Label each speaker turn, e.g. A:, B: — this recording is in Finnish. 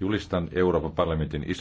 A: Julistan Euroopan parlamentin